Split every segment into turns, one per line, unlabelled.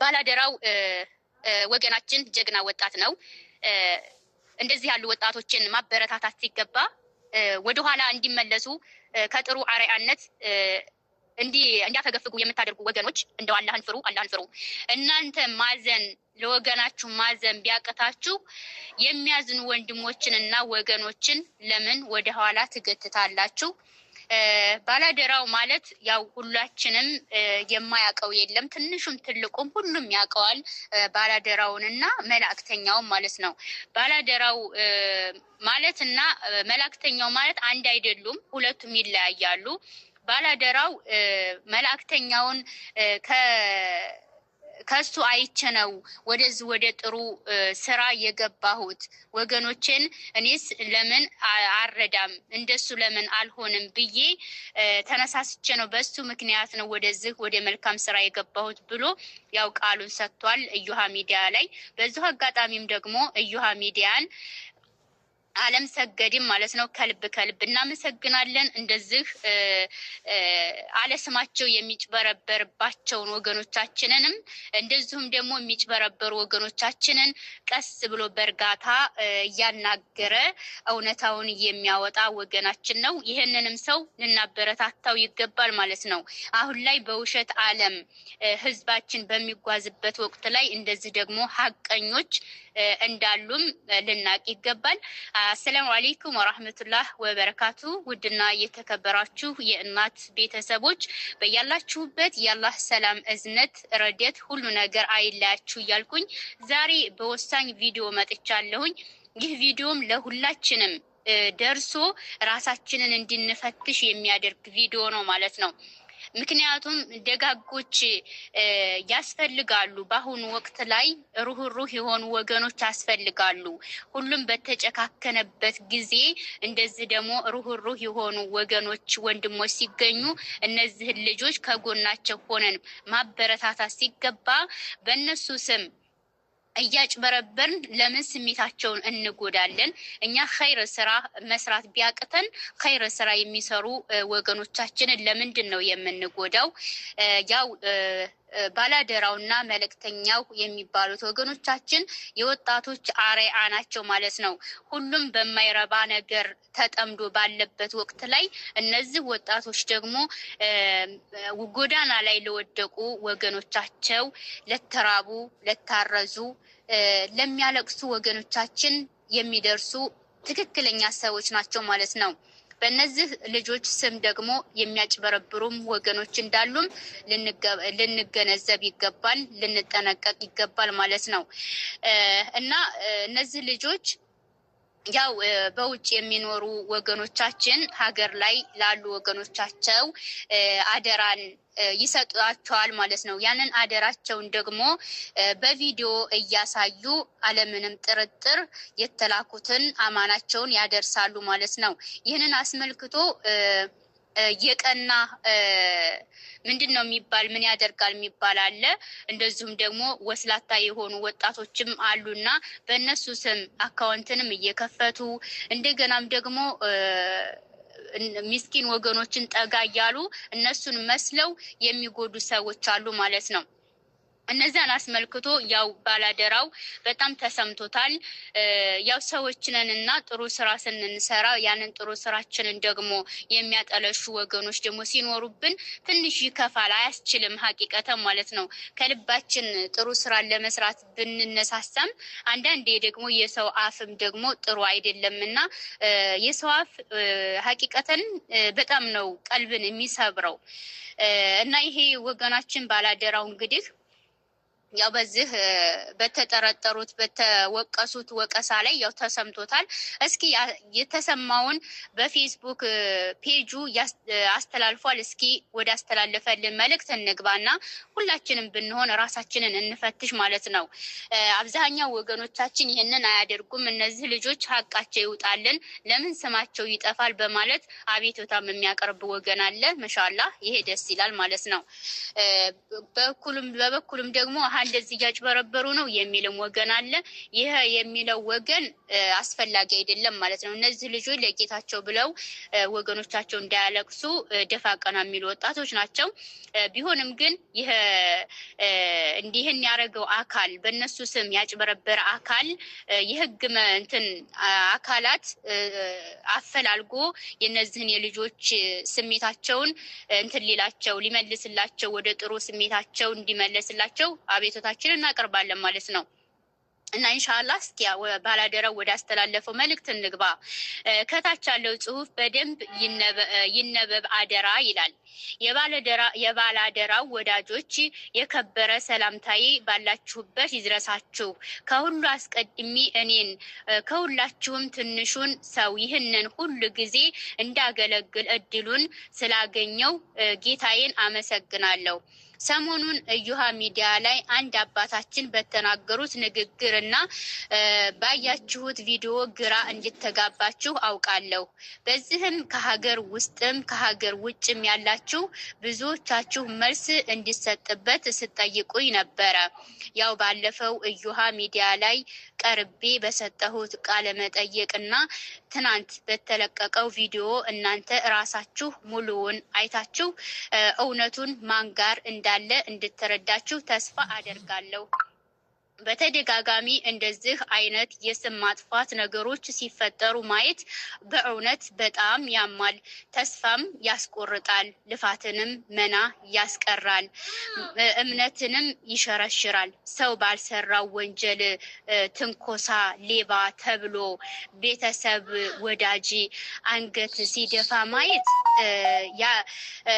ባላደራው ወገናችን ጀግና ወጣት ነው። እንደዚህ ያሉ ወጣቶችን ማበረታታት ሲገባ ወደኋላ እንዲመለሱ ከጥሩ አርአያነት እንዲያፈገፍጉ የምታደርጉ ወገኖች እንደው አላህን ፍሩ፣ አላህን ፍሩ። እናንተ ማዘን ለወገናችሁ ማዘን ቢያቅታችሁ የሚያዝኑ ወንድሞችንና ወገኖችን ለምን ወደኋላ ትገትታላችሁ? ባላደራው ማለት ያው ሁላችንም የማያውቀው የለም። ትንሹም ትልቁም ሁሉም ያውቀዋል ባላደራውን እና መላእክተኛውን ማለት ነው። ባላደራው ማለት እና መላእክተኛው ማለት አንድ አይደሉም፣ ሁለቱም ይለያያሉ። ባላደራው መላእክተኛውን ከሱ አይቼ ነው ወደዚህ ወደ ጥሩ ስራ የገባሁት። ወገኖችን እኔስ ለምን አልረዳም እንደሱ ለምን አልሆንም ብዬ ተነሳስቼ ነው በሱ ምክንያት ነው ወደዚህ ወደ መልካም ስራ የገባሁት ብሎ ያው ቃሉን ሰጥቷል እዩሃ ሚዲያ ላይ። በዚሁ አጋጣሚም ደግሞ እዩሃ ሚዲያን አለም ሰገድም ማለት ነው። ከልብ ከልብ እናመሰግናለን። እንደዚህ አለስማቸው የሚጭበረበርባቸውን ወገኖቻችንንም እንደዚሁም ደግሞ የሚጭበረበሩ ወገኖቻችንን ቀስ ብሎ በእርጋታ እያናገረ እውነታውን የሚያወጣ ወገናችን ነው። ይህንንም ሰው ልናበረታታው ይገባል ማለት ነው። አሁን ላይ በውሸት አለም ህዝባችን በሚጓዝበት ወቅት ላይ እንደዚህ ደግሞ ሀቀኞች እንዳሉም ልናቅ ይገባል። አሰላሙ አሌይኩም ወራህመቱላህ ወበረካቱ። ውድና እየተከበራችሁ የእናት ቤተሰቦች በያላችሁበት ያላህ ሰላም፣ እዝነት፣ ረደት ሁሉ ነገር አይለያችሁ እያልኩኝ ዛሬ በወሳኝ ቪዲዮ መጥቻለሁኝ። ይህ ቪዲዮም ለሁላችንም ደርሶ ራሳችንን እንድንፈትሽ የሚያደርግ ቪዲዮ ነው ማለት ነው። ምክንያቱም ደጋጎች ያስፈልጋሉ። በአሁኑ ወቅት ላይ ሩህሩህ የሆኑ ወገኖች ያስፈልጋሉ። ሁሉም በተጨካከነበት ጊዜ እንደዚህ ደግሞ ሩህሩህ የሆኑ ወገኖች፣ ወንድሞች ሲገኙ እነዚህን ልጆች ከጎናቸው ሆነን ማበረታታት ሲገባ በእነሱ ስም እያጭበረበርን ለምን ስሜታቸውን እንጎዳለን? እኛ ኸይር ስራ መስራት ቢያቅተን ኸይር ስራ የሚሰሩ ወገኖቻችንን ለምንድን ነው የምንጎዳው? ያው ባላደራውና መልእክተኛው የሚባሉት ወገኖቻችን የወጣቶች አርአያ ናቸው ማለት ነው። ሁሉም በማይረባ ነገር ተጠምዶ ባለበት ወቅት ላይ እነዚህ ወጣቶች ደግሞ ጎዳና ላይ ለወደቁ ወገኖቻቸው፣ ለተራቡ፣ ለታረዙ፣ ለሚያለቅሱ ወገኖቻችን የሚደርሱ ትክክለኛ ሰዎች ናቸው ማለት ነው። በእነዚህ ልጆች ስም ደግሞ የሚያጭበረብሩም ወገኖች እንዳሉም ልንገነዘብ ይገባል፣ ልንጠነቀቅ ይገባል ማለት ነው እና እነዚህ ልጆች ያው በውጭ የሚኖሩ ወገኖቻችን ሀገር ላይ ላሉ ወገኖቻቸው አደራን ይሰጧቸዋል ማለት ነው። ያንን አደራቸውን ደግሞ በቪዲዮ እያሳዩ አለምንም ጥርጥር የተላኩትን አማናቸውን ያደርሳሉ ማለት ነው። ይህንን አስመልክቶ የቀና ምንድን ነው የሚባል ምን ያደርጋል የሚባል አለ። እንደዚሁም ደግሞ ወስላታ የሆኑ ወጣቶችም አሉና በእነሱ ስም አካውንትንም እየከፈቱ እንደገናም ደግሞ ሚስኪን ወገኖችን ጠጋ እያሉ እነሱን መስለው የሚጎዱ ሰዎች አሉ ማለት ነው። እነዚያን አስመልክቶ ያው ባላደራው በጣም ተሰምቶታል። ያው ሰዎችንን እና ጥሩ ስራ ስንንሰራ ያንን ጥሩ ስራችንን ደግሞ የሚያጠለሹ ወገኖች ደግሞ ሲኖሩብን ትንሽ ይከፋል፣ አያስችልም ሀቂቀተም ማለት ነው። ከልባችን ጥሩ ስራን ለመስራት ብንነሳሳም አንዳንዴ ደግሞ የሰው አፍም ደግሞ ጥሩ አይደለም እና የሰው አፍ ሀቂቀተን በጣም ነው ቀልብን የሚሰብረው እና ይሄ ወገናችን ባላደራው እንግዲህ ያው በዚህ በተጠረጠሩት በተወቀሱት ወቀሳ ላይ ያው ተሰምቶታል። እስኪ የተሰማውን በፌስቡክ ፔጁ አስተላልፏል። እስኪ ወደ አስተላለፈልን መልእክት እንግባና ሁላችንም ብንሆን ራሳችንን እንፈትሽ ማለት ነው። አብዛኛው ወገኖቻችን ይህንን አያደርጉም። እነዚህ ልጆች ሀቃቸው ይውጣልን፣ ለምን ስማቸው ይጠፋል በማለት አቤቱታም የሚያቀርብ ወገን አለ። መሻላ ይሄ ደስ ይላል ማለት ነው። በበኩሉም ደግሞ እንደዚህ እያጭበረበሩ ነው የሚልም ወገን አለ። ይህ የሚለው ወገን አስፈላጊ አይደለም ማለት ነው። እነዚህ ልጆች ለጌታቸው ብለው ወገኖቻቸው እንዳያለቅሱ ደፋ ቀና የሚሉ ወጣቶች ናቸው። ቢሆንም ግን ይህ እንዲህን ያደረገው አካል በእነሱ ስም ያጭበረበረ አካል የህግ እንትን አካላት አፈላልጎ የነዚህን የልጆች ስሜታቸውን እንትን ሊላቸው ሊመልስላቸው ወደ ጥሩ ስሜታቸው እንዲመለስላቸው አቤ አቤቱታችንን እናቀርባለን ማለት ነው። እና ኢንሻአላህ እስኪ ባላደራው ወደ አስተላለፈው መልእክት እንግባ። ከታች ያለው ጽሁፍ በደንብ ይነበብ አደራ ይላል። የባላደራው ወዳጆች የከበረ ሰላምታዬ ባላችሁበት ይድረሳችሁ። ከሁሉ አስቀድሜ እኔን ከሁላችሁም ትንሹን ሰው ይህንን ሁሉ ጊዜ እንዳገለግል እድሉን ስላገኘው ጌታዬን አመሰግናለሁ። ሰሞኑን እዩሃ ሚዲያ ላይ አንድ አባታችን በተናገሩት ንግግር እና ባያችሁት ቪዲዮ ግራ እንድተጋባችሁ አውቃለሁ። በዚህም ከሀገር ውስጥም ከሀገር ውጭም ያላችሁ ብዙዎቻችሁ መልስ እንዲሰጥበት ስጠይቁኝ ነበረ። ያው ባለፈው እዩሃ ሚዲያ ላይ ቀርቤ በሰጠሁት ቃለ መጠየቅና ትናንት በተለቀቀው ቪዲዮ እናንተ ራሳችሁ ሙሉውን አይታችሁ እውነቱን ማን ጋር እንዳለ እንድትረዳችሁ ተስፋ አደርጋለሁ። በተደጋጋሚ እንደዚህ አይነት የስም ማጥፋት ነገሮች ሲፈጠሩ ማየት በእውነት በጣም ያማል፣ ተስፋም ያስቆርጣል፣ ልፋትንም መና ያስቀራል፣ እምነትንም ይሸረሽራል። ሰው ባልሰራው ወንጀል ትንኮሳ፣ ሌባ ተብሎ ቤተሰብ ወዳጅ አንገት ሲደፋ ማየት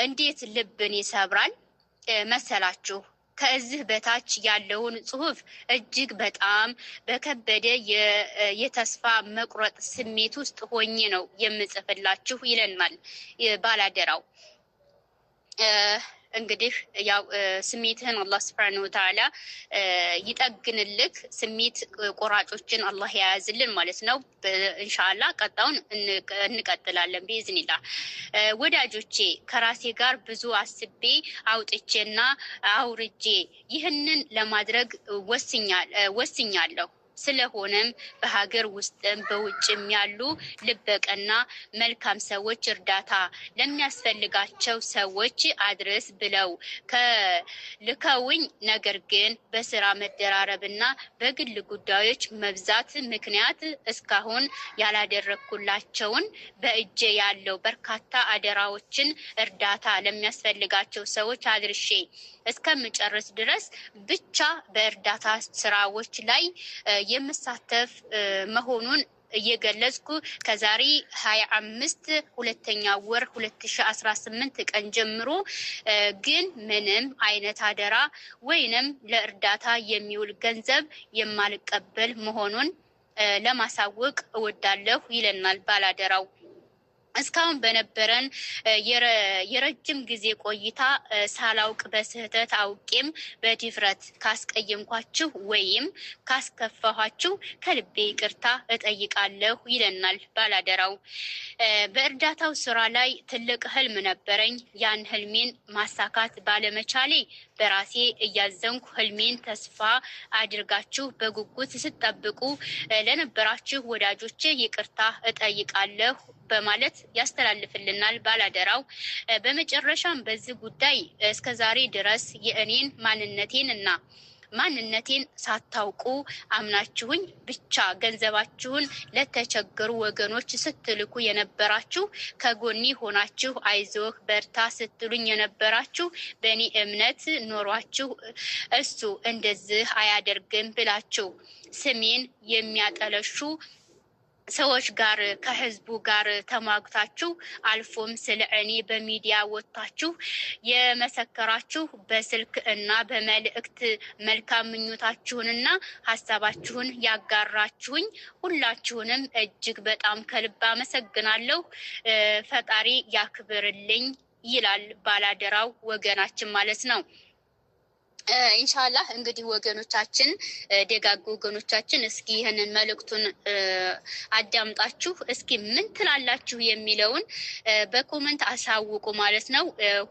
እንዴት ልብን ይሰብራል መሰላችሁ። ከዚህ በታች ያለውን ጽሁፍ እጅግ በጣም በከበደ የተስፋ መቁረጥ ስሜት ውስጥ ሆኜ ነው የምጽፍላችሁ ይለናል ባላደራው። እንግዲህ ያው ስሜትህን አላህ ስብሐነሁ ወተዓላ ይጠግንልክ። ስሜት ቆራጮችን አላህ የያዝልን ማለት ነው። እንሻላ ቀጣውን እንቀጥላለን ቢዝኒላ። ወዳጆቼ ከራሴ ጋር ብዙ አስቤ አውጥቼና አውርጄ ይህንን ለማድረግ ወስኛለሁ። ስለሆነም በሀገር ውስጥም በውጭም ያሉ ልበቀና መልካም ሰዎች እርዳታ ለሚያስፈልጋቸው ሰዎች አድርስ ብለው ከልከውኝ፣ ነገር ግን በስራ መደራረብና በግል ጉዳዮች መብዛት ምክንያት እስካሁን ያላደረግኩላቸውን በእጄ ያለው በርካታ አደራዎችን እርዳታ ለሚያስፈልጋቸው ሰዎች አድርሼ እስከምጨርስ ድረስ ብቻ በእርዳታ ስራዎች ላይ የምሳተፍ መሆኑን እየገለጽኩ ከዛሬ ሀያ አምስት ሁለተኛ ወር ሁለት ሺ አስራ ስምንት ቀን ጀምሮ ግን ምንም አይነት አደራ ወይንም ለእርዳታ የሚውል ገንዘብ የማልቀበል መሆኑን ለማሳወቅ እወዳለሁ ይለናል ባላደራው። እስካሁን በነበረን የረጅም ጊዜ ቆይታ ሳላውቅ በስህተት አውቄም በድፍረት ካስቀየምኳችሁ ወይም ካስከፋኋችሁ ከልቤ ይቅርታ እጠይቃለሁ ይለናል ባላደራው። በእርዳታው ስራ ላይ ትልቅ ህልም ነበረኝ። ያን ህልሜን ማሳካት ባለመቻሌ በራሴ እያዘንኩ ህልሜን ተስፋ አድርጋችሁ በጉጉት ስጠብቁ ለነበራችሁ ወዳጆች ይቅርታ እጠይቃለሁ በማለት ያስተላልፍልናል ባላደራው። በመጨረሻም በዚህ ጉዳይ እስከዛሬ ድረስ የእኔን ማንነቴን እና ማንነቴን ሳታውቁ አምናችሁኝ ብቻ ገንዘባችሁን ለተቸገሩ ወገኖች ስትልኩ የነበራችሁ፣ ከጎኔ ሆናችሁ አይዞህ በርታ ስትሉኝ የነበራችሁ፣ በእኔ እምነት ኖሯችሁ እሱ እንደዚህ አያደርግም ብላችሁ ስሜን የሚያጠለሹ ሰዎች ጋር ከህዝቡ ጋር ተሟግታችሁ አልፎም ስለ እኔ በሚዲያ ወጥታችሁ የመሰከራችሁ በስልክ እና በመልእክት መልካም ምኞታችሁንና ሀሳባችሁን ያጋራችሁኝ ሁላችሁንም እጅግ በጣም ከልብ አመሰግናለሁ። ፈጣሪ ያክብርልኝ ይላል ባላደራው ወገናችን ማለት ነው። ኢንሻላህ እንግዲህ ወገኖቻችን ደጋግ ወገኖቻችን እስኪ ይህንን መልእክቱን አዳምጣችሁ እስኪ ምን ትላላችሁ የሚለውን በኮመንት አሳውቁ ማለት ነው።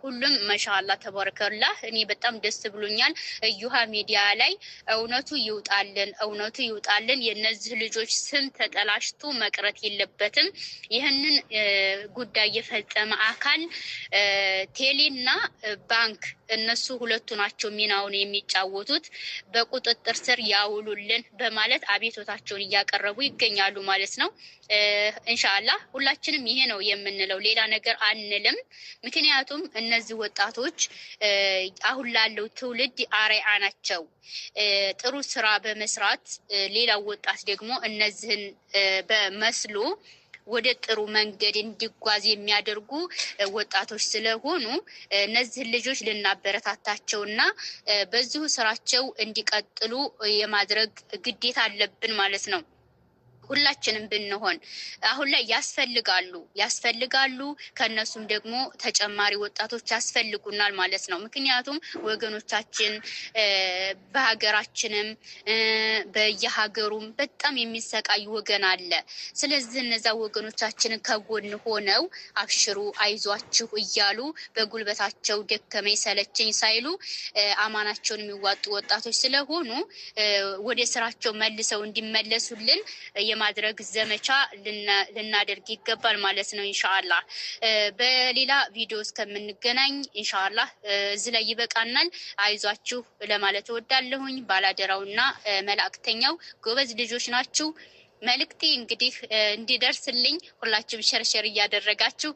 ሁሉም መሻላ ተባረከላህ። እኔ በጣም ደስ ብሎኛል። እዩሃ ሚዲያ ላይ እውነቱ ይውጣልን፣ እውነቱ ይውጣልን። የነዚህ ልጆች ስም ተጠላሽቶ መቅረት የለበትም። ይህንን ጉዳይ የፈጸመ አካል ቴሌና ባንክ እነሱ ሁለቱ ናቸው ሚና ሚናውን የሚጫወቱት በቁጥጥር ስር ያውሉልን በማለት አቤቶታቸውን እያቀረቡ ይገኛሉ ማለት ነው። እንሻላ ሁላችንም ይሄ ነው የምንለው፣ ሌላ ነገር አንልም። ምክንያቱም እነዚህ ወጣቶች አሁን ላለው ትውልድ አርአያ ናቸው። ጥሩ ስራ በመስራት ሌላው ወጣት ደግሞ እነዚህን በመስሎ ወደ ጥሩ መንገድ እንዲጓዝ የሚያደርጉ ወጣቶች ስለሆኑ እነዚህን ልጆች ልናበረታታቸው እና በዚሁ ስራቸው እንዲቀጥሉ የማድረግ ግዴታ አለብን ማለት ነው። ሁላችንም ብንሆን አሁን ላይ ያስፈልጋሉ ያስፈልጋሉ። ከእነሱም ደግሞ ተጨማሪ ወጣቶች ያስፈልጉናል ማለት ነው። ምክንያቱም ወገኖቻችን በሀገራችንም በየሀገሩም በጣም የሚሰቃዩ ወገን አለ። ስለዚህ እነዛ ወገኖቻችንን ከጎን ሆነው አብሽሩ፣ አይዟችሁ እያሉ በጉልበታቸው ደከመኝ ሰለቸኝ ሳይሉ አማናቸውን የሚዋጡ ወጣቶች ስለሆኑ ወደ ስራቸው መልሰው እንዲመለሱልን የማድረግ ዘመቻ ልናደርግ ይገባል ማለት ነው። እንሻላ በሌላ ቪዲዮ እስከምንገናኝ እንሻላ እዚህ ላይ ይበቃናል። አይዟችሁ ለማለት እወዳለሁኝ። ባላደራውና መላእክተኛው ጎበዝ ልጆች ናችሁ። መልእክቴ እንግዲህ እንዲደርስልኝ ሁላችሁም ሸርሸር እያደረጋችሁ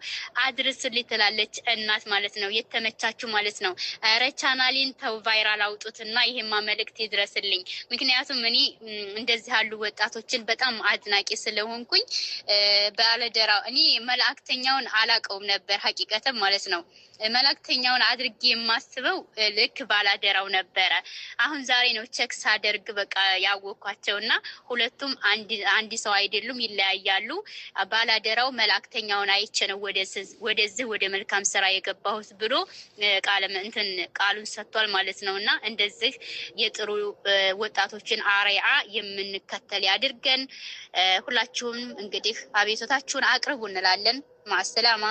አድርስልኝ ትላለች እናት ማለት ነው። የተመቻችሁ ማለት ነው። ኧረ ተው ቫይራል አውጡትና ይሄማ መልእክቴ ይድረስልኝ። ምክንያቱም እኔ እንደዚህ ያሉ ወጣቶችን በጣም አድናቂ ስለሆንኩኝ ባለደራ እኔ መላእክተኛውን አላቀውም ነበር ሀቂቀትም ማለት ነው። መላእክተኛውን አድርጌ የማስበው ልክ ባላደራው ነበረ። አሁን ዛሬ ነው ቼክ ሳደርግ በቃ ያወኳቸው እና ሁለቱም አንድ አንድ ሰው አይደሉም፣ ይለያያሉ። ባላደራው መላእክተኛውን አይቼ ነው ወደዚህ ወደ መልካም ስራ የገባሁት ብሎ ቃለ እንትን ቃሉን ሰጥቷል ማለት ነው። እና እንደዚህ የጥሩ ወጣቶችን አርአያ የምንከተል ያድርገን። ሁላችሁም እንግዲህ አቤቶታችሁን አቅርቡ እንላለን። ማሰላማ